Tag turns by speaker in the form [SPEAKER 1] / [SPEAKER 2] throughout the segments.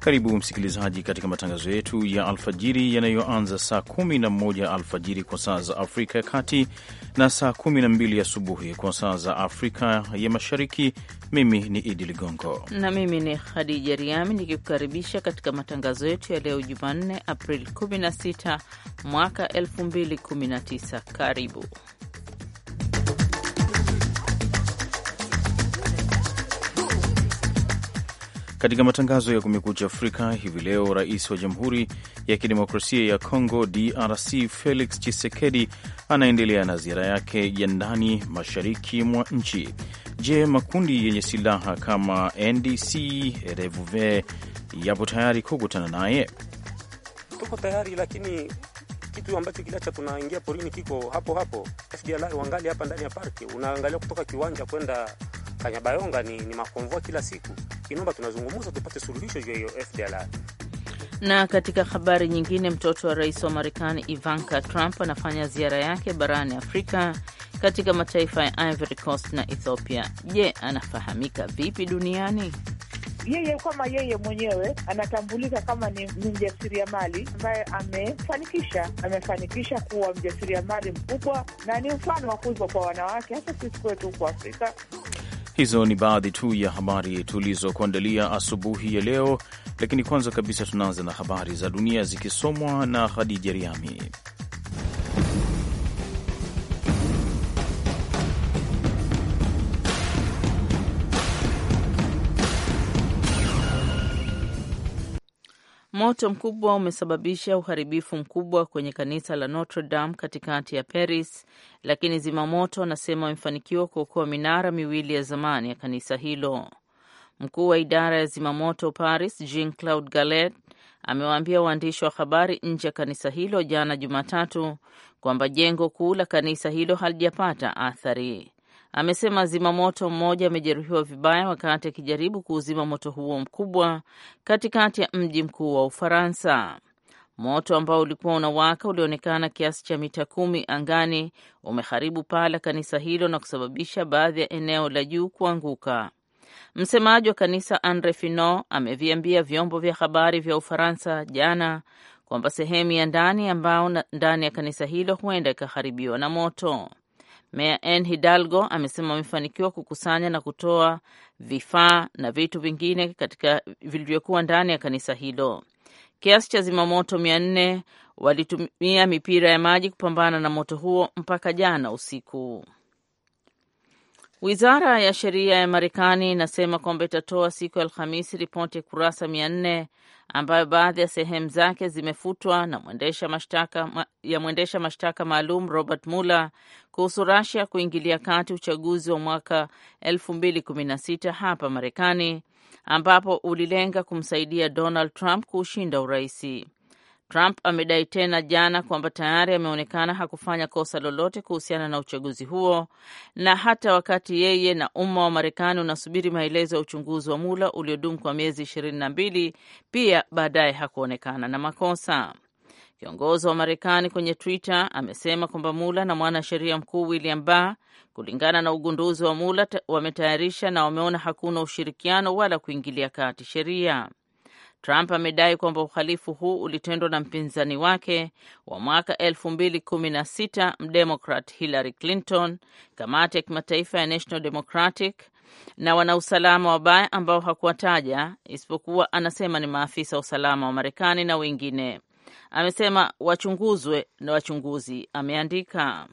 [SPEAKER 1] Karibu msikilizaji, katika matangazo yetu ya alfajiri yanayoanza saa 11 alfajiri kwa saa za Afrika ya Kati na saa 12 asubuhi kwa saa za Afrika ya Mashariki. Mimi ni Idi Ligongo
[SPEAKER 2] na mimi ni Khadija Riami nikikukaribisha katika matangazo yetu ya leo Jumanne, Aprili 16 mwaka 2019. Karibu
[SPEAKER 1] Katika matangazo ya Kumekucha Afrika hivi leo, rais wa Jamhuri ya Kidemokrasia ya Congo DRC Felix Tshisekedi anaendelea na ziara yake ya ndani mashariki mwa nchi. Je, makundi yenye silaha kama NDC Revuve yapo tayari kukutana naye?
[SPEAKER 3] Tuko tayari, lakini kitu ambacho kilacha tunaingia porini kiko hapo hapo. FDLR wangali hapa ndani ya parki, unaangalia kutoka kiwanja kwenda Kanyabayonga ni, ni makonvoa kila siku. Inaomba tunazungumza tupate suluhisho juu ya hiyo FDLR.
[SPEAKER 2] Na katika habari nyingine, mtoto wa rais wa Marekani Ivanka Trump anafanya ziara yake barani Afrika katika mataifa ya Ivory Coast na Ethiopia. Je, anafahamika vipi duniani?
[SPEAKER 4] Yeye kama yeye mwenyewe anatambulika kama ni mjasiriamali ambaye amefanikisha amefanikisha kuwa mjasiriamali mkubwa na ni mfano wa kuigwa kwa wanawake, hata sisi kwetu huko Afrika.
[SPEAKER 1] Hizo ni baadhi tu ya habari tulizokuandalia asubuhi ya leo, lakini kwanza kabisa tunaanza na habari za dunia zikisomwa na Khadija Riami.
[SPEAKER 2] Moto mkubwa umesababisha uharibifu mkubwa kwenye kanisa la Notre Dame katikati ya Paris, lakini zimamoto wanasema wamefanikiwa kuokoa minara miwili ya zamani ya kanisa hilo. Mkuu wa idara ya zimamoto Paris, Jean Claude Gallet, amewaambia waandishi wa habari nje ya kanisa hilo jana Jumatatu kwamba jengo kuu la kanisa hilo halijapata athari amesema zimamoto mmoja amejeruhiwa vibaya wakati akijaribu kuuzima moto huo mkubwa katikati ya mji mkuu wa Ufaransa. Moto ambao ulikuwa unawaka ulioonekana kiasi cha mita kumi angani umeharibu paa la kanisa hilo na kusababisha baadhi ya eneo la juu kuanguka. Msemaji wa kanisa Andre Fino ameviambia vyombo vya habari vya Ufaransa jana kwamba sehemu ya ndani ambao ndani ya kanisa hilo huenda ikaharibiwa na moto. Meya Anne Hidalgo amesema wamefanikiwa kukusanya na kutoa vifaa na vitu vingine katika vilivyokuwa ndani ya kanisa hilo. Kiasi cha zimamoto mia nne walitumia mipira ya maji kupambana na moto huo mpaka jana usiku. Wizara ya sheria ya Marekani inasema kwamba itatoa siku ya Alhamisi ripoti ya kurasa mia nne ambayo baadhi ya sehemu zake zimefutwa na mwendesha mashtaka ya mwendesha mashtaka maalum Robert Mueller kuhusu rusia kuingilia kati uchaguzi wa mwaka 2016 hapa Marekani ambapo ulilenga kumsaidia Donald Trump kuushinda uraisi. Trump amedai tena jana kwamba tayari ameonekana hakufanya kosa lolote kuhusiana na uchaguzi huo, na hata wakati yeye na umma wa Marekani unasubiri maelezo ya uchunguzi wa mula uliodumu kwa miezi ishirini na mbili, pia baadaye hakuonekana na makosa. Kiongozi wa Marekani kwenye Twitter amesema kwamba Mula na mwanasheria mkuu William Barr, kulingana na ugunduzi wa Mula, wametayarisha na wameona hakuna ushirikiano wala kuingilia kati sheria. Trump amedai kwamba uhalifu huu ulitendwa na mpinzani wake wa mwaka 2016 mdemokrat Hillary Clinton, kamati ya kimataifa ya National Democratic na wanausalama wabaya ambao hakuwataja isipokuwa anasema ni maafisa wa usalama wa Marekani na wengine. Amesema wachunguzwe na wachunguzi, ameandika.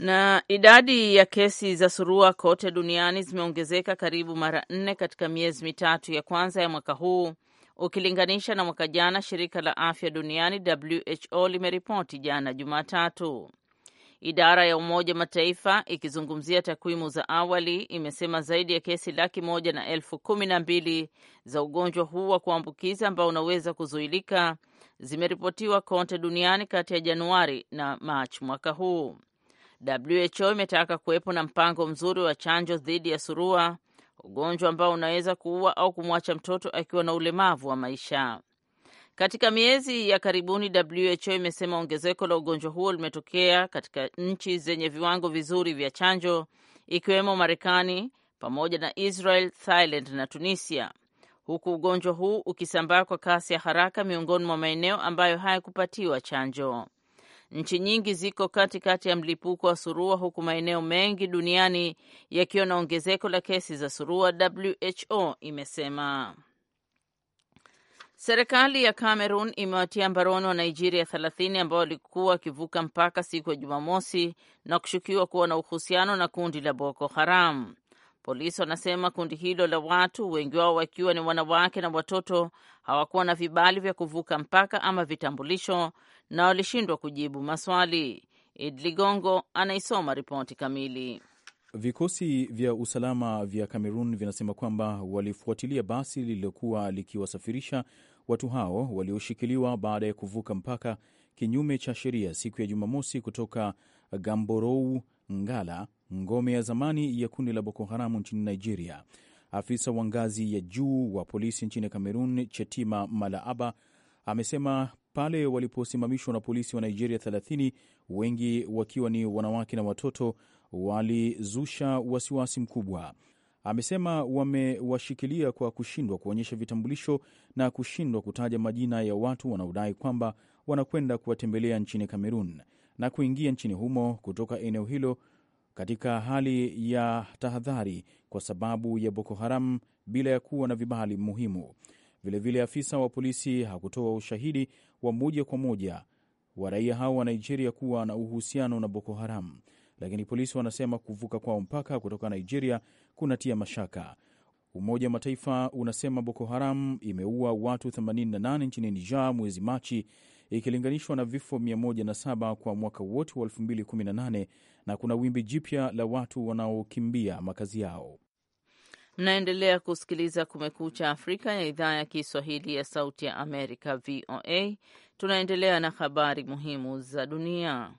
[SPEAKER 2] Na idadi ya kesi za surua kote duniani zimeongezeka karibu mara nne katika miezi mitatu ya kwanza ya mwaka huu ukilinganisha na mwaka jana, shirika la afya duniani WHO limeripoti jana Jumatatu. Idara ya Umoja Mataifa ikizungumzia takwimu za awali imesema zaidi ya kesi laki moja na elfu kumi na mbili za ugonjwa huu wa kuambukiza ambao unaweza kuzuilika zimeripotiwa kote duniani kati ya Januari na Machi mwaka huu. WHO imetaka kuwepo na mpango mzuri wa chanjo dhidi ya surua, ugonjwa ambao unaweza kuua au kumwacha mtoto akiwa na ulemavu wa maisha. Katika miezi ya karibuni, WHO imesema ongezeko la ugonjwa huo limetokea katika nchi zenye viwango vizuri vya chanjo ikiwemo Marekani pamoja na Israel, Thailand na Tunisia, huku ugonjwa huu ukisambaa kwa kasi ya haraka miongoni mwa maeneo ambayo hayakupatiwa chanjo. Nchi nyingi ziko katikati ya mlipuko wa surua, huku maeneo mengi duniani yakiwa na ongezeko la kesi za surua, WHO imesema. Serikali ya Cameroon imewatia mbaroni wa Nigeria 30 ambao walikuwa wakivuka mpaka siku ya Jumamosi na kushukiwa kuwa na uhusiano na kundi la Boko Haram. Polisi wanasema kundi hilo la watu, wengi wao wakiwa ni wanawake na watoto, hawakuwa na vibali vya kuvuka mpaka ama vitambulisho na walishindwa kujibu maswali. Id Ligongo anaisoma ripoti kamili.
[SPEAKER 1] Vikosi vya usalama vya Kamerun vinasema kwamba walifuatilia basi lililokuwa likiwasafirisha watu hao walioshikiliwa baada ya kuvuka mpaka kinyume cha sheria siku ya Jumamosi kutoka Gamborou Ngala, ngome ya zamani ya kundi la Boko Haramu nchini Nigeria. Afisa wa ngazi ya juu wa polisi nchini Kamerun, Chetima Malaaba, amesema pale waliposimamishwa na polisi wa Nigeria 30 wengi wakiwa ni wanawake na watoto, walizusha wasiwasi mkubwa. Amesema wamewashikilia kwa kushindwa kuonyesha vitambulisho na kushindwa kutaja majina ya watu wanaodai kwamba wanakwenda kuwatembelea nchini Kamerun na kuingia nchini humo kutoka eneo hilo katika hali ya tahadhari kwa sababu ya Boko Haram bila ya kuwa na vibali muhimu. Vilevile afisa wa polisi hakutoa ushahidi wa moja kwa moja wa raia hao wa Nigeria kuwa na uhusiano na Boko Haram, lakini polisi wanasema kuvuka kwao mpaka kutoka Nigeria kunatia mashaka. Umoja wa Mataifa unasema Boko Haram imeua watu 88 nchini Niger mwezi Machi ikilinganishwa na vifo 107 kwa mwaka wote wa 2018 na kuna wimbi jipya la watu wanaokimbia makazi yao.
[SPEAKER 2] Mnaendelea kusikiliza Kumekucha Afrika ya idhaa ya Kiswahili ya Sauti ya Amerika, VOA. Tunaendelea na habari muhimu za dunia.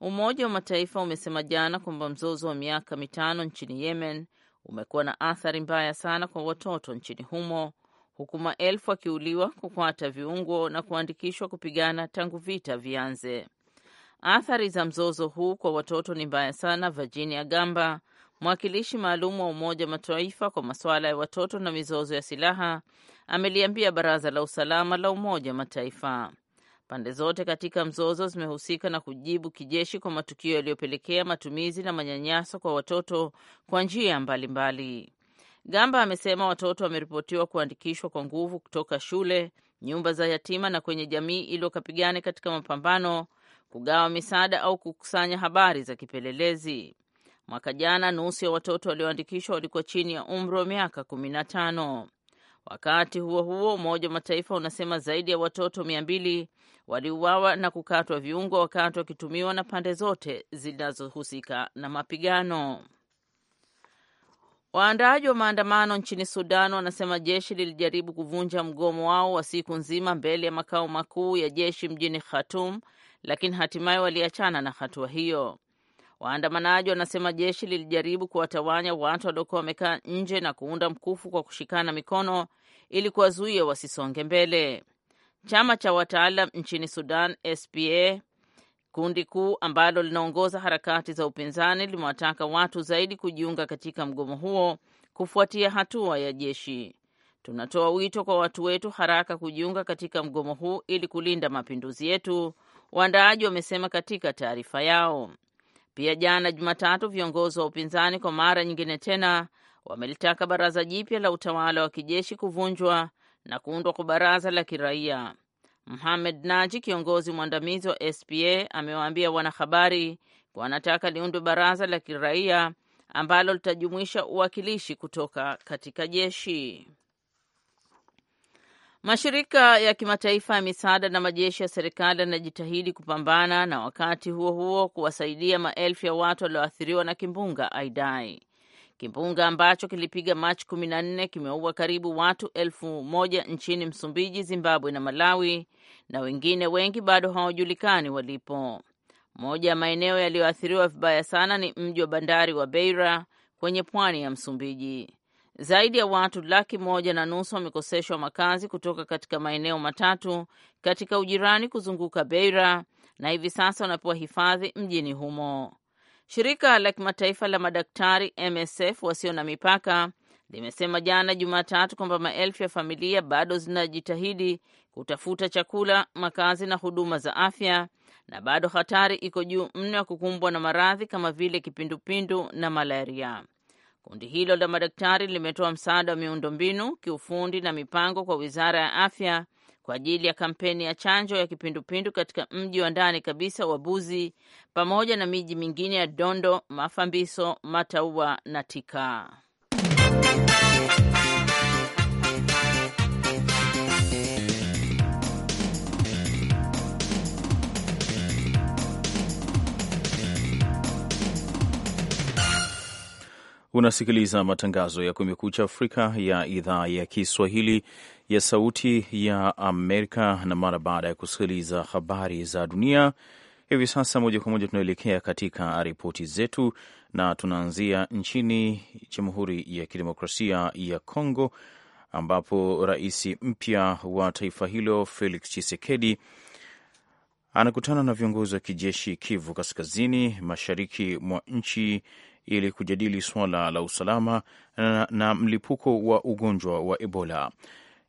[SPEAKER 2] Umoja wa Mataifa umesema jana kwamba mzozo wa miaka mitano nchini Yemen umekuwa na athari mbaya sana kwa watoto nchini humo huku maelfu akiuliwa kukwata viungo na kuandikishwa kupigana tangu vita vianze. Athari za mzozo huu kwa watoto ni mbaya sana, Virginia Gamba, mwakilishi maalum wa Umoja wa Mataifa kwa masuala ya watoto na mizozo ya silaha, ameliambia Baraza la Usalama la Umoja wa Mataifa. Pande zote katika mzozo zimehusika na kujibu kijeshi kwa matukio yaliyopelekea matumizi na manyanyaso kwa watoto kwa njia mbalimbali. Gamba amesema watoto wameripotiwa kuandikishwa kwa nguvu kutoka shule, nyumba za yatima na kwenye jamii ili wakapigane katika mapambano, kugawa misaada au kukusanya habari za kipelelezi. Mwaka jana nusu ya watoto walioandikishwa walikuwa chini ya umri wa miaka kumi na tano. Wakati huo huo, Umoja wa Mataifa unasema zaidi ya watoto mia mbili waliuawa na kukatwa viungo wakati wakitumiwa na pande zote zinazohusika na mapigano. Waandaaji wa maandamano nchini Sudan wanasema jeshi lilijaribu kuvunja mgomo wao wa siku nzima mbele ya makao makuu ya jeshi mjini Khartoum, lakini hatimaye waliachana na hatua hiyo. Waandamanaji wanasema jeshi lilijaribu kuwatawanya watu waliokuwa wamekaa nje na kuunda mkufu kwa kushikana mikono ili kuwazuia wasisonge mbele. Chama cha wataalam nchini Sudan SPA Kundi kuu ambalo linaongoza harakati za upinzani limewataka watu zaidi kujiunga katika mgomo huo kufuatia hatua ya jeshi. Tunatoa wito kwa watu wetu haraka kujiunga katika mgomo huu ili kulinda mapinduzi yetu, waandaaji wamesema katika taarifa yao. Pia jana Jumatatu, viongozi wa upinzani kwa mara nyingine tena wamelitaka baraza jipya la utawala wa kijeshi kuvunjwa na kuundwa kwa baraza la kiraia. Mohamed Naji, kiongozi mwandamizi wa SPA, amewaambia wanahabari kuwa anataka liundwe baraza la kiraia ambalo litajumuisha uwakilishi kutoka katika jeshi. Mashirika ya kimataifa ya misaada na majeshi ya serikali yanajitahidi kupambana na wakati huo huo kuwasaidia maelfu ya watu walioathiriwa na kimbunga Aidai. Kimbunga ambacho kilipiga Machi 14 kimeua karibu watu elfu moja nchini Msumbiji, Zimbabwe na Malawi, na wengine wengi bado hawajulikani walipo. Moja ya maeneo yaliyoathiriwa vibaya sana ni mji wa bandari wa Beira kwenye pwani ya Msumbiji. Zaidi ya watu laki moja na nusu wamekoseshwa makazi kutoka katika maeneo matatu katika ujirani kuzunguka Beira na hivi sasa wanapewa hifadhi mjini humo. Shirika la kimataifa la madaktari MSF wasio na mipaka limesema jana Jumatatu kwamba maelfu ya familia bado zinajitahidi kutafuta chakula, makazi na huduma za afya, na bado hatari iko juu mno ya kukumbwa na maradhi kama vile kipindupindu na malaria. Kundi hilo la madaktari limetoa msaada wa miundombinu, kiufundi na mipango kwa wizara ya afya kwa ajili ya kampeni ya chanjo ya kipindupindu katika mji wa ndani kabisa wa Buzi pamoja na miji mingine ya Dondo, Mafambiso, Mataua na Tika.
[SPEAKER 1] Unasikiliza matangazo ya Kumekucha Afrika ya idhaa ya Kiswahili ya Sauti ya Amerika. Na mara baada ya kusikiliza habari za dunia hivi sasa, moja kwa moja tunaelekea katika ripoti zetu, na tunaanzia nchini Jamhuri ya Kidemokrasia ya Kongo ambapo rais mpya wa taifa hilo Felix Tshisekedi anakutana na viongozi wa kijeshi Kivu Kaskazini, mashariki mwa nchi ili kujadili suala la usalama na, na mlipuko wa ugonjwa wa Ebola.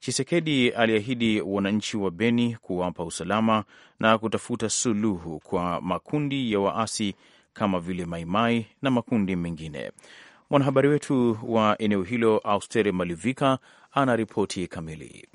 [SPEAKER 1] Chisekedi aliahidi wananchi wa Beni kuwapa usalama na kutafuta suluhu kwa makundi ya waasi kama vile Maimai na makundi mengine. Mwanahabari wetu wa eneo hilo Austere Malivika ana ripoti kamili.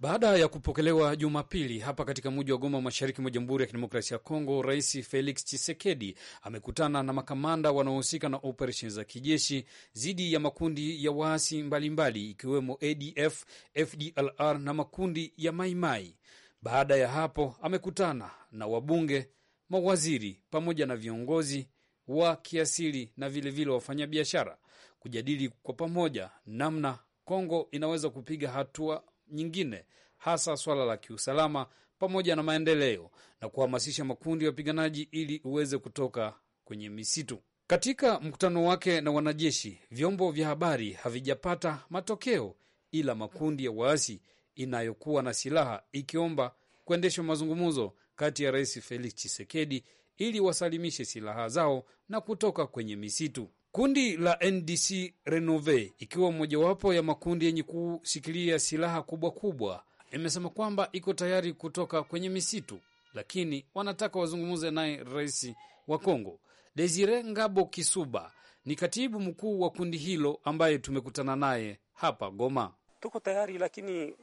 [SPEAKER 5] Baada ya kupokelewa Jumapili hapa katika mji wa Goma, mashariki mwa Jamhuri ya Kidemokrasia ya Kongo, Rais Felix Tshisekedi amekutana na makamanda wanaohusika na operesheni za kijeshi dhidi ya makundi ya waasi mbalimbali ikiwemo ADF, FDLR na makundi ya Maimai. Baada ya hapo, amekutana na wabunge, mawaziri pamoja na viongozi wa kiasili na vilevile wafanyabiashara kujadili kwa pamoja namna Kongo inaweza kupiga hatua nyingine, hasa swala la kiusalama pamoja na maendeleo na kuhamasisha makundi ya wapiganaji ili uweze kutoka kwenye misitu. Katika mkutano wake na wanajeshi, vyombo vya habari havijapata matokeo, ila makundi ya waasi inayokuwa na silaha ikiomba kuendeshwa mazungumzo kati ya Rais Felix Tshisekedi ili wasalimishe silaha zao na kutoka kwenye misitu. Kundi la NDC Renove, ikiwa mojawapo ya makundi yenye kushikilia silaha kubwa kubwa, imesema kwamba iko tayari kutoka kwenye misitu, lakini wanataka wazungumze naye rais wa Kongo. Desire Ngabo Kisuba ni katibu mkuu wa kundi hilo ambaye tumekutana naye hapa Goma.
[SPEAKER 3] Tuko tayari, lakini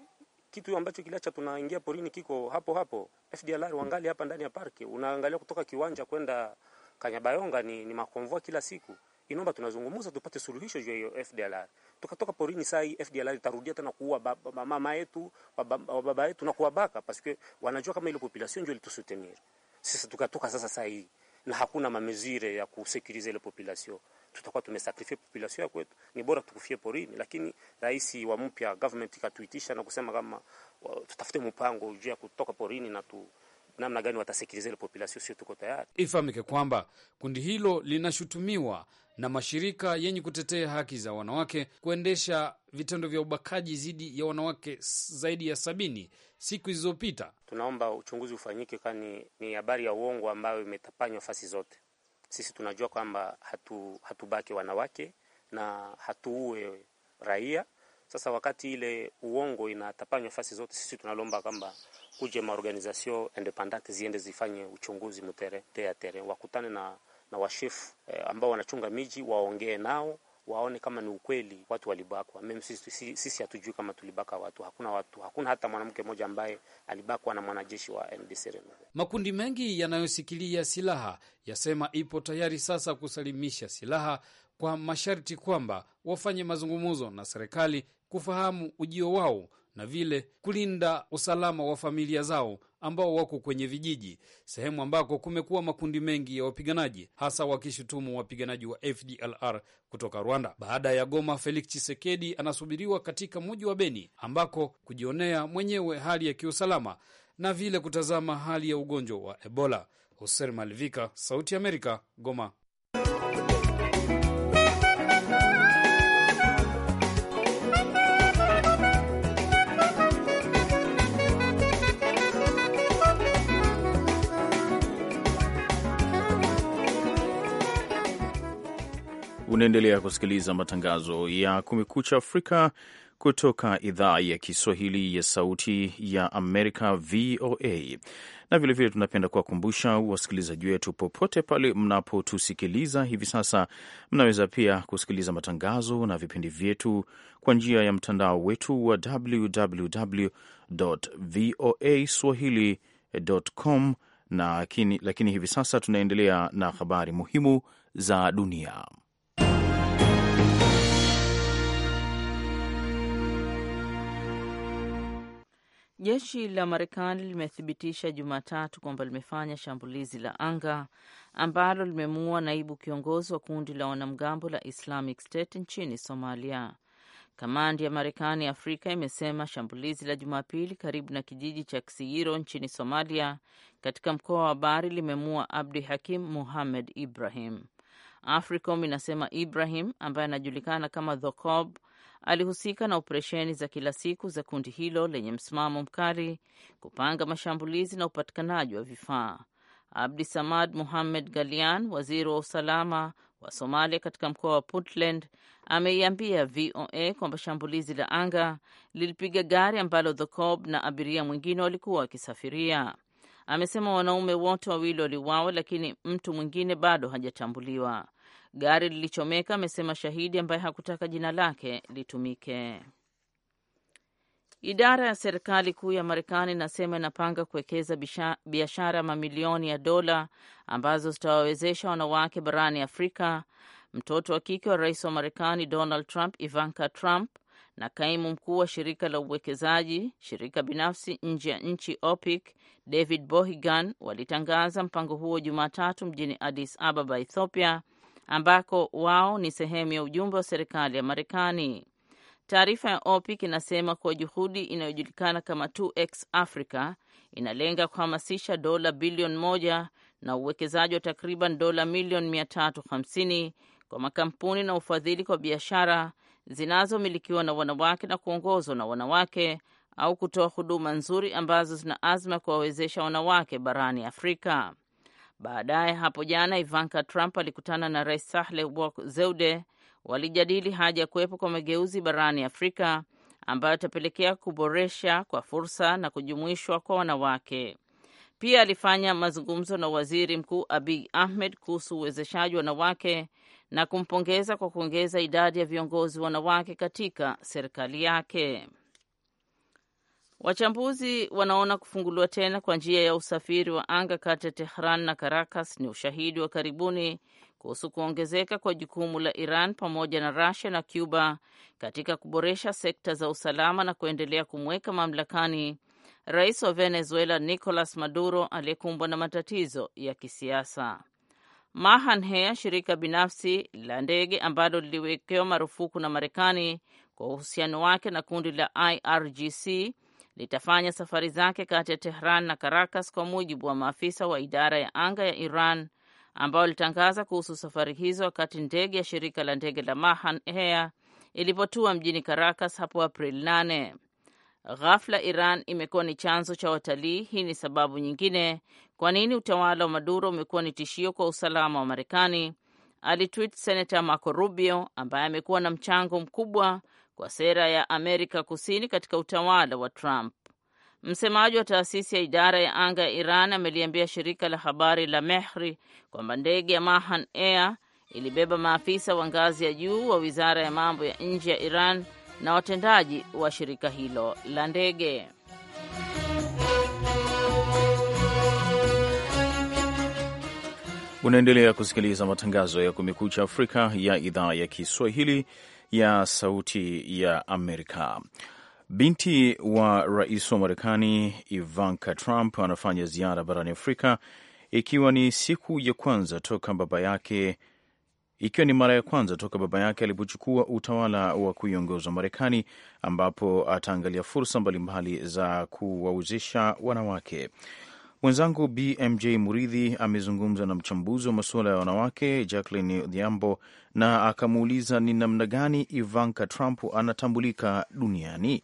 [SPEAKER 3] kitu ambacho kiliacha tunaingia porini kiko hapo hapo. FDLR wangali hapa ndani ya parki, unaangalia kutoka kiwanja kwenda Kanyabayonga ni, ni makomvua kila siku inaomba tunazungumza tupate suluhisho juu ya hiyo FDLR. Tukatoka porini saa hii FDLR itarudia tena kuua mama yetu baba, baba yetu na kuwabaka paske wanajua kama ile population ndio ilitusutenir sisi. Tukatoka sasa saa hii na hakuna mamezire ya kusekurize ile population, tutakuwa tumesakrifia population ya kwetu. Ni bora tukufie porini, lakini rais wa mpya government ikatuitisha na kusema kama tutafute mpango juu ya kutoka porini na tu namna gani watasekiriza ile population, sio tuko tayari.
[SPEAKER 5] Ifahamike kwamba kundi hilo linashutumiwa na mashirika yenye kutetea haki za wanawake kuendesha vitendo vya ubakaji dhidi ya wanawake zaidi ya sabini siku zilizopita.
[SPEAKER 3] Tunaomba uchunguzi ufanyike, kwani ni habari ya uongo ambayo imetapanywa fasi zote. Sisi tunajua kwamba hatu wanawake na hatuue raia. Sasa wakati ile uongo inatapanywa fasi zote, sisi tunalomba kwamba kuje maorganizasio independent ziende zifanye uchunguzi mutere tere, wakutane na na washefu eh, ambao wanachunga miji waongee nao waone kama ni ukweli watu walibakwa. Mimi sisi, sisi hatujui kama tulibaka watu, hakuna watu, hakuna hata mwanamke mmoja ambaye alibakwa na mwanajeshi wa NDC.
[SPEAKER 5] Makundi mengi yanayosikilia silaha yasema ipo tayari sasa kusalimisha silaha kwa masharti kwamba wafanye mazungumzo na serikali kufahamu ujio wao na vile kulinda usalama wa familia zao ambao wako kwenye vijiji, sehemu ambako kumekuwa makundi mengi ya wapiganaji, hasa wakishutumu wapiganaji wa FDLR kutoka Rwanda. Baada ya Goma, Felix chisekedi anasubiriwa katika muji wa Beni ambako kujionea mwenyewe hali ya kiusalama na vile kutazama hali ya ugonjwa wa Ebola. Hoser Malivika, Sauti ya Amerika, Goma.
[SPEAKER 1] Unaendelea kusikiliza matangazo ya Kumekucha Afrika kutoka idhaa ya Kiswahili ya Sauti ya Amerika, VOA. Na vilevile tunapenda kuwakumbusha wasikilizaji wetu popote pale mnapotusikiliza hivi sasa, mnaweza pia kusikiliza matangazo na vipindi vyetu kwa njia ya mtandao wetu wa www voa swahili.com, lakini hivi sasa tunaendelea na habari muhimu za dunia.
[SPEAKER 2] Jeshi la Marekani limethibitisha Jumatatu kwamba limefanya shambulizi la anga ambalo limemuua naibu kiongozi wa kundi la wanamgambo la Islamic State nchini Somalia. Kamandi ya Marekani Afrika imesema shambulizi la Jumapili karibu na kijiji cha Kisiyiro nchini Somalia, katika mkoa wa Bari limemua Abdi Hakim Muhamed Ibrahim. AFRICOM inasema Ibrahim ambaye anajulikana kama Dhokob alihusika na operesheni za kila siku za kundi hilo lenye msimamo mkali, kupanga mashambulizi na upatikanaji wa vifaa. Abdi Samad Muhammed Galian, waziri wa usalama wa Somalia katika mkoa wa Puntland, ameiambia VOA kwamba shambulizi la anga lilipiga gari ambalo thecob na abiria mwingine walikuwa wakisafiria. Amesema wanaume wote wawili waliuawa, lakini mtu mwingine bado hajatambuliwa. Gari lilichomeka, amesema shahidi ambaye hakutaka jina lake litumike. Idara ya serikali kuu ya Marekani inasema inapanga kuwekeza biashara mamilioni ya dola ambazo zitawawezesha wanawake barani Afrika. Mtoto wa kike wa rais wa Marekani Donald Trump, Ivanka Trump, na kaimu mkuu wa shirika la uwekezaji shirika binafsi nje ya nchi OPIC David Bohigan walitangaza mpango huo Jumatatu mjini Addis Ababa, Ethiopia, ambako wao ni sehemu ya ujumbe wa serikali ya Marekani. Taarifa ya OPIC inasema kuwa juhudi inayojulikana kama 2X Africa inalenga kuhamasisha dola bilioni moja na uwekezaji wa takriban dola milioni 350 kwa makampuni na ufadhili kwa biashara zinazomilikiwa na wanawake na kuongozwa na wanawake au kutoa huduma nzuri ambazo zina azma ya kuwawezesha wanawake barani Afrika. Baadaye hapo jana, Ivanka Trump alikutana na rais Sahle Work Zeude. Walijadili haja ya kuwepo kwa mageuzi barani Afrika ambayo atapelekea kuboresha kwa fursa na kujumuishwa kwa wanawake. Pia alifanya mazungumzo na waziri mkuu Abiy Ahmed kuhusu uwezeshaji wanawake na kumpongeza kwa kuongeza idadi ya viongozi wanawake katika serikali yake. Wachambuzi wanaona kufunguliwa tena kwa njia ya usafiri wa anga kati ya Tehran na Caracas ni ushahidi wa karibuni kuhusu kuongezeka kwa jukumu la Iran pamoja na rusia na Cuba katika kuboresha sekta za usalama na kuendelea kumweka mamlakani rais wa Venezuela Nicolas Maduro aliyekumbwa na matatizo ya kisiasa. Mahan Air, shirika binafsi la ndege ambalo liliwekewa marufuku na Marekani kwa uhusiano wake na kundi la IRGC litafanya safari zake kati ya Tehran na Caracas, kwa mujibu wa maafisa wa idara ya anga ya Iran ambao walitangaza kuhusu safari hizo wakati ndege ya shirika la ndege la Mahan Air ilipotua mjini Caracas hapo Aprili 8. Ghafla Iran imekuwa ni chanzo cha watalii. Hii ni sababu nyingine kwa nini utawala wa Maduro umekuwa ni tishio kwa usalama wa Marekani, alitwit Senata Marco Rubio ambaye amekuwa na mchango mkubwa kwa sera ya Amerika Kusini katika utawala wa Trump. Msemaji wa taasisi ya idara ya anga ya Iran ameliambia shirika la habari la Mehri kwamba ndege ya Mahan Air ilibeba maafisa wa ngazi ya juu wa wizara ya mambo ya nje ya Iran na watendaji wa shirika hilo la ndege.
[SPEAKER 1] Unaendelea kusikiliza matangazo ya Kumekucha Afrika ya idhaa ya Kiswahili ya Sauti ya Amerika. Binti wa rais wa Marekani Ivanka Trump anafanya ziara barani Afrika, ikiwa ni siku ya kwanza toka baba yake ikiwa ni mara ya kwanza toka baba yake alipochukua utawala wa kuiongoza Marekani, ambapo ataangalia fursa mbalimbali za kuwawezesha wanawake. Mwenzangu BMJ Muridhi amezungumza na mchambuzi wa masuala ya wanawake Jacqueline Odhiambo na akamuuliza ni namna gani Ivanka Trump anatambulika duniani.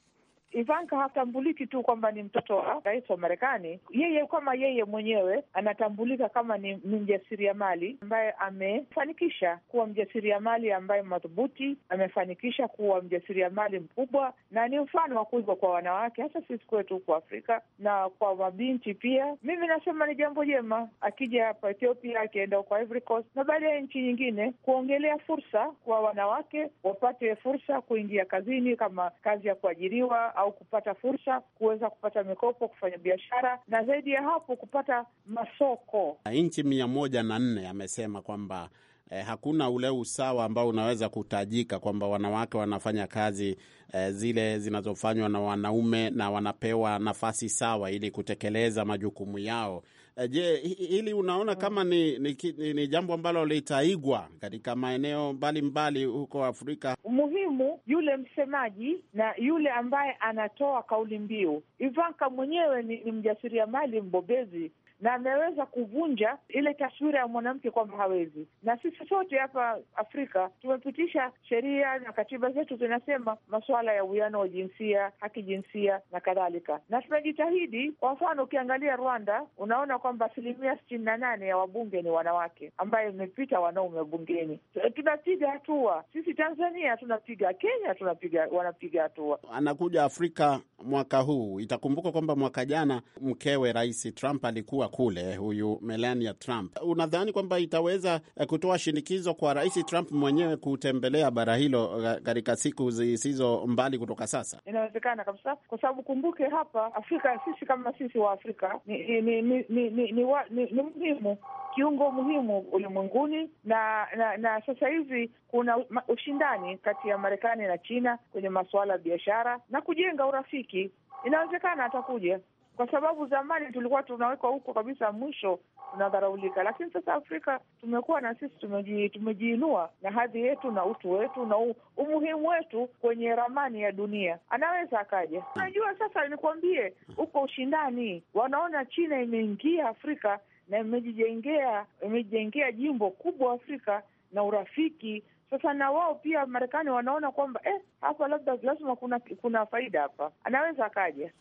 [SPEAKER 4] Ivanka hatambuliki tu kwamba ni mtoto wa rais wa Marekani. Yeye kama yeye mwenyewe anatambulika kama ni mjasiriamali ambaye amefanikisha kuwa mjasiriamali ambaye madhubuti, amefanikisha kuwa mjasiriamali mkubwa na ni mfano wa kuigwa kwa wanawake, hasa sisi kwetu huko Afrika na kwa mabinti pia. Mimi nasema ni jambo jema akija hapa Ethiopia, akienda kwa Ivory Coast na ya nchi nyingine, kuongelea fursa kwa wanawake wapate fursa kuingia kazini, kama kazi ya kuajiriwa au au kupata fursa, kuweza kupata mikopo, kufanya biashara na zaidi ya hapo kupata masoko.
[SPEAKER 1] Nchi mia moja na nne amesema kwamba eh, hakuna ule usawa ambao unaweza kutajika kwamba wanawake wanafanya kazi eh, zile zinazofanywa na wanaume na wanapewa nafasi sawa ili kutekeleza majukumu yao. Eh, je, hili unaona kama ni, ni, ni, ni jambo ambalo litaigwa katika maeneo mbalimbali huko Afrika?
[SPEAKER 4] Muhimu yule msemaji na yule ambaye anatoa kauli mbiu. Ivanka mwenyewe ni, ni mjasiriamali mbobezi na ameweza kuvunja ile taswira ya mwanamke kwamba hawezi. Na sisi sote hapa Afrika tumepitisha sheria na katiba zetu zinasema masuala ya uwiano wa jinsia, haki jinsia na kadhalika, na tunajitahidi. Kwa mfano, ukiangalia Rwanda unaona kwamba asilimia sitini na nane ya wabunge ni wanawake, ambayo imepita wanaume bungeni. Tunapiga hatua sisi, Tanzania tunapiga, Kenya tunapiga, wanapiga hatua.
[SPEAKER 1] Anakuja Afrika mwaka huu, itakumbuka kwamba mwaka jana mkewe Rais Trump alikuwa kule, huyu Melania Trump, unadhani kwamba itaweza eh, kutoa shinikizo kwa Rais Trump mwenyewe kutembelea bara hilo eh, katika siku zisizo mbali kutoka sasa?
[SPEAKER 4] Inawezekana kabisa, kwa sababu kumbuke, hapa Afrika sisi kama sisi wa Afrika ni ni ni ni, ni, ni, wa, ni, ni muhimu kiungo muhimu ulimwenguni na, na na sasa hivi kuna ushindani kati ya Marekani na China kwenye masuala ya biashara na kujenga urafiki. Inawezekana atakuja kwa sababu zamani tulikuwa tunawekwa huko kabisa mwisho, tunadharaulika, lakini sasa Afrika tumekuwa na sisi tumeji, tumejiinua na hadhi yetu na utu wetu na umuhimu wetu kwenye ramani ya dunia. Anaweza akaja, unajua, sasa nikuambie, huko ushindani, wanaona China imeingia Afrika na imejijengea imejijengea jimbo kubwa Afrika na urafiki sasa na wao pia Marekani wanaona kwamba eh, hapa labda lazima kuna kuna faida hapa, anaweza akaja.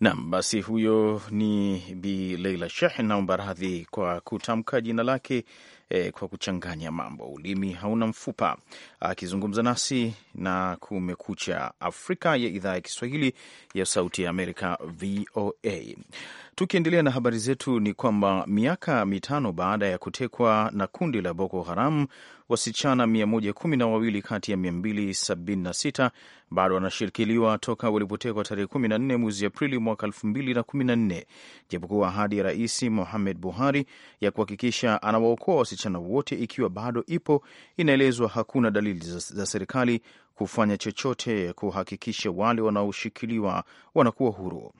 [SPEAKER 1] Nam, basi huyo ni Bi Leila Sheikh. Naomba radhi kwa kutamka jina lake eh, kwa kuchanganya mambo. Ulimi hauna mfupa. Akizungumza nasi na Kumekucha Afrika ya idhaa ya Kiswahili ya Sauti ya Amerika, VOA. Tukiendelea na habari zetu, ni kwamba miaka mitano baada ya kutekwa na kundi la Boko Haram, wasichana 112 kati ya 276 bado wanashirikiliwa toka walipotekwa tarehe 14 mwezi Aprili mwaka 2014, japokuwa ahadi ya Rais Mohamed Buhari ya kuhakikisha anawaokoa wasichana wote ikiwa bado ipo. Inaelezwa hakuna dalili za, za serikali kufanya chochote kuhakikisha wale wanaoshikiliwa wanakuwa huru.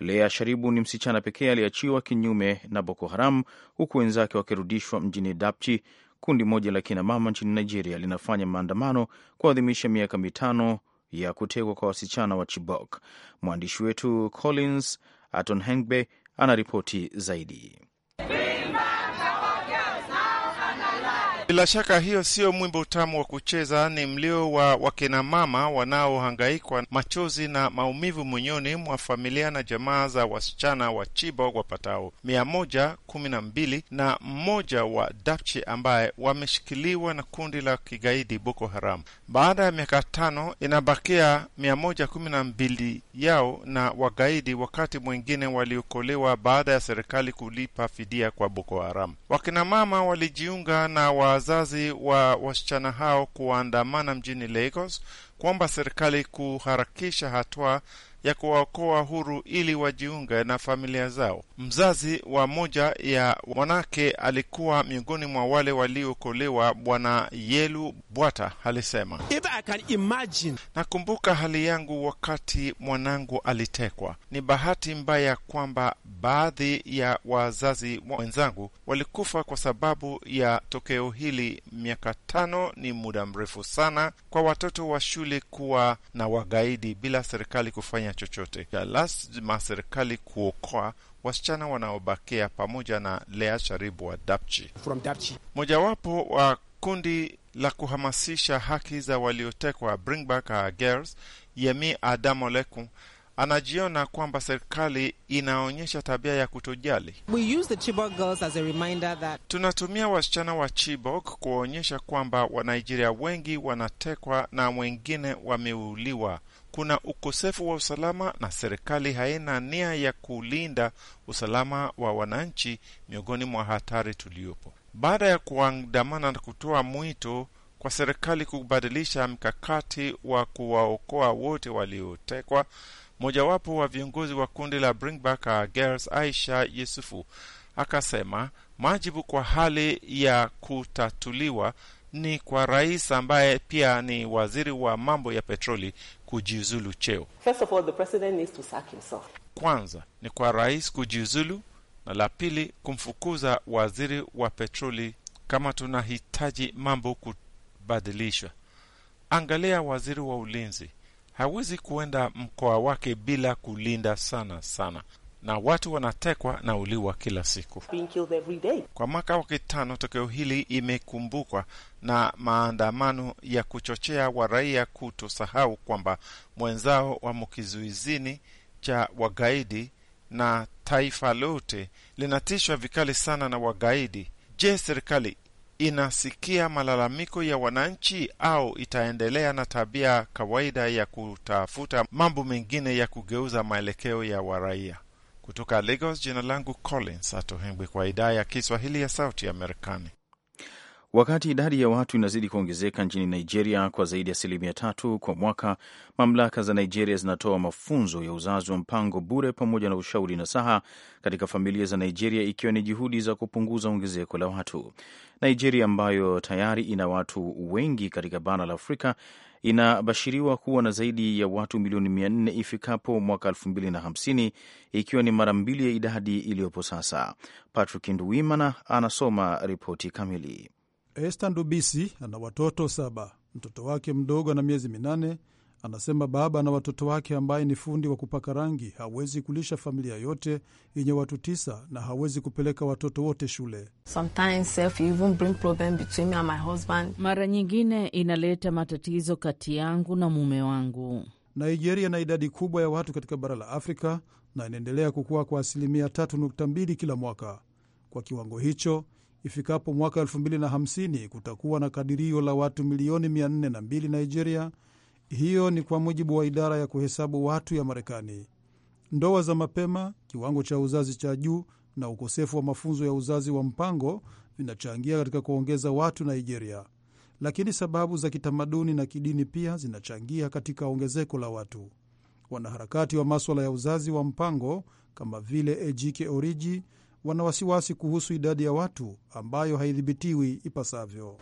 [SPEAKER 1] Lea Sharibu ni msichana pekee aliachiwa kinyume na Boko Haram, huku wenzake wakirudishwa mjini Dapchi. Kundi moja la kinamama nchini Nigeria linafanya maandamano kuadhimisha miaka mitano ya kutekwa kwa wasichana wa Chibok. Mwandishi wetu Collins
[SPEAKER 6] Atonhengbe anaripoti zaidi. Bila shaka hiyo sio mwimbo tamu wa kucheza, ni mlio wa wakinamama wanaohangaikwa, machozi na maumivu mwenyoni mwa familia na jamaa za wasichana wa Chibok wapatao mia moja kumi na mbili na mmoja wa Dapchi ambaye wameshikiliwa na kundi la kigaidi Boko Haram. Baada ya miaka tano, inabakia mia moja kumi na mbili yao na wagaidi, wakati mwingine waliokolewa baada ya serikali kulipa fidia kwa Boko Haram. Wakinamama walijiunga na wa wazazi wa wasichana hao kuandamana mjini Lagos kuomba serikali kuharakisha hatua ya kuwaokoa huru ili wajiunge na familia zao. Mzazi wa moja ya wanawake alikuwa miongoni mwa wale waliokolewa, Bwana Yelu Bwata alisema, nakumbuka hali yangu wakati mwanangu alitekwa. Ni bahati mbaya kwamba baadhi ya wazazi wenzangu walikufa kwa sababu ya tokeo hili. Miaka tano ni muda mrefu sana kwa watoto wa shule kuwa na wagaidi bila serikali kufanya chochote. Lazima serikali kuokoa wasichana wanaobakia, pamoja na Lea Sharibu wa Dapchi, mojawapo wa kundi la kuhamasisha haki za waliotekwa Bring Back Our Girls, Yemi Adamoleku anajiona kwamba serikali inaonyesha tabia ya kutojali.
[SPEAKER 3] We use the Chibok girls as a reminder that...
[SPEAKER 6] tunatumia wasichana wa Chibok kuwaonyesha kwamba wanijeria wengi wanatekwa na wengine wameuliwa. Kuna ukosefu wa usalama na serikali haina nia ya kulinda usalama wa wananchi miongoni mwa hatari tuliopo baada ya kuandamana na kutoa mwito kwa serikali kubadilisha mkakati wa kuwaokoa wote waliotekwa. Mojawapo wa viongozi wa kundi la Bring Back Our Girls, Aisha Yusufu, akasema majibu kwa hali ya kutatuliwa ni kwa rais ambaye pia ni waziri wa mambo ya petroli kujiuzulu cheo.
[SPEAKER 3] First of all, the president needs to sack himself.
[SPEAKER 6] Kwanza ni kwa rais kujiuzulu na la pili kumfukuza waziri wa petroli kama tunahitaji mambo kubadilishwa. Angalia waziri wa ulinzi hawezi kuenda mkoa wake bila kulinda sana sana, na watu wanatekwa na uliwa kila siku. Kwa mwaka wa kitano, tokeo hili imekumbukwa na maandamano ya kuchochea waraia kutosahau kwamba mwenzao wamo kizuizini cha wagaidi na taifa lote linatishwa vikali sana na wagaidi. Je, serikali inasikia malalamiko ya wananchi au itaendelea na tabia kawaida ya kutafuta mambo mengine ya kugeuza maelekeo ya waraia? Kutoka Lagos, jina langu Collins Atohengwi, kwa idhaa ya Kiswahili ya Sauti ya Marekani.
[SPEAKER 1] Wakati idadi ya watu inazidi kuongezeka nchini Nigeria kwa zaidi ya asilimia tatu kwa mwaka, mamlaka za Nigeria zinatoa mafunzo ya uzazi wa mpango bure pamoja na ushauri na saha katika familia za Nigeria, ikiwa ni juhudi za kupunguza ongezeko la watu. Nigeria ambayo tayari ina watu wengi katika bara la Afrika inabashiriwa kuwa na zaidi ya watu milioni mia nne ifikapo mwaka elfu mbili na hamsini ikiwa ni mara mbili ya idadi iliyopo sasa. Patrick Nduwimana anasoma ripoti kamili.
[SPEAKER 7] Esther Ndubisi ana watoto saba. Mtoto wake mdogo ana miezi minane. Anasema baba na watoto wake ambaye ni fundi wa kupaka rangi hawezi kulisha familia yote yenye watu tisa na hawezi kupeleka watoto wote shule.
[SPEAKER 2] Mara nyingine inaleta matatizo kati yangu na mume wangu.
[SPEAKER 7] Nigeria ina idadi kubwa ya watu katika bara la Afrika na inaendelea kukua kwa asilimia 3.2 kila mwaka. Kwa kiwango hicho ifikapo mwaka 2050 kutakuwa na kadirio la watu milioni 402 Nigeria. Hiyo ni kwa mujibu wa idara ya kuhesabu watu ya Marekani. Ndoa za mapema, kiwango cha uzazi cha juu na ukosefu wa mafunzo ya uzazi wa mpango vinachangia katika kuongeza watu Nigeria, lakini sababu za kitamaduni na kidini pia zinachangia katika ongezeko la watu. Wanaharakati wa maswala ya uzazi wa mpango kama vile Ejike Oriji wana wasiwasi kuhusu idadi ya watu ambayo haidhibitiwi ipasavyo.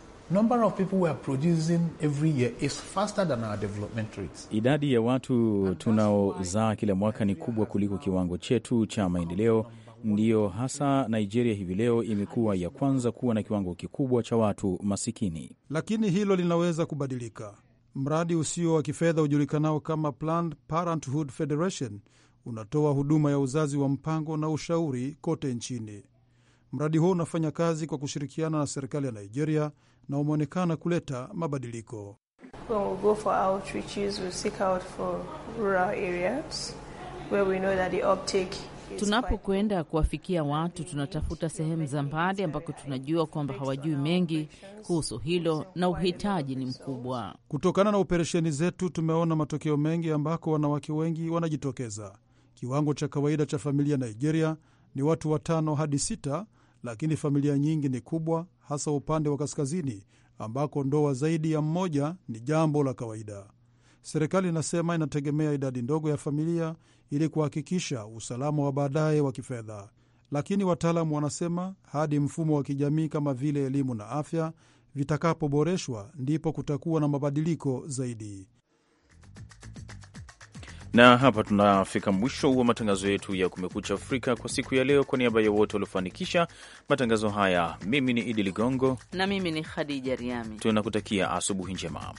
[SPEAKER 1] Idadi ya watu tunaozaa kila mwaka ni kubwa kuliko kiwango chetu cha maendeleo. Ndiyo hasa Nigeria hivi leo imekuwa ya kwanza kuwa na kiwango kikubwa cha watu masikini,
[SPEAKER 7] lakini hilo linaweza kubadilika.
[SPEAKER 1] Mradi usio wa kifedha
[SPEAKER 7] ujulikanao kama Planned Parenthood Federation unatoa huduma ya uzazi wa mpango na ushauri kote nchini. Mradi huo unafanya kazi kwa kushirikiana na serikali ya Nigeria na umeonekana kuleta mabadiliko.
[SPEAKER 2] Tunapokwenda kuwafikia watu, tunatafuta sehemu za mbali ambako tunajua kwamba hawajui mengi kuhusu hilo na uhitaji ni mkubwa.
[SPEAKER 7] Kutokana na operesheni zetu, tumeona matokeo mengi ambako wanawake wengi wanajitokeza Kiwango cha kawaida cha familia Nigeria ni watu watano hadi sita, lakini familia nyingi ni kubwa, hasa upande wa kaskazini ambako ndoa zaidi ya mmoja ni jambo la kawaida. Serikali inasema inategemea idadi ndogo ya familia ili kuhakikisha usalama wa baadaye wa kifedha, lakini wataalamu wanasema hadi mfumo wa kijamii kama vile elimu na afya vitakapoboreshwa ndipo kutakuwa na mabadiliko zaidi.
[SPEAKER 1] Na hapa tunafika mwisho wa matangazo yetu ya Kumekucha Afrika kwa siku ya leo. Kwa niaba ya wote waliofanikisha matangazo haya, mimi ni Idi Ligongo
[SPEAKER 2] na mimi ni Khadija Riami,
[SPEAKER 1] tunakutakia asubuhi njema.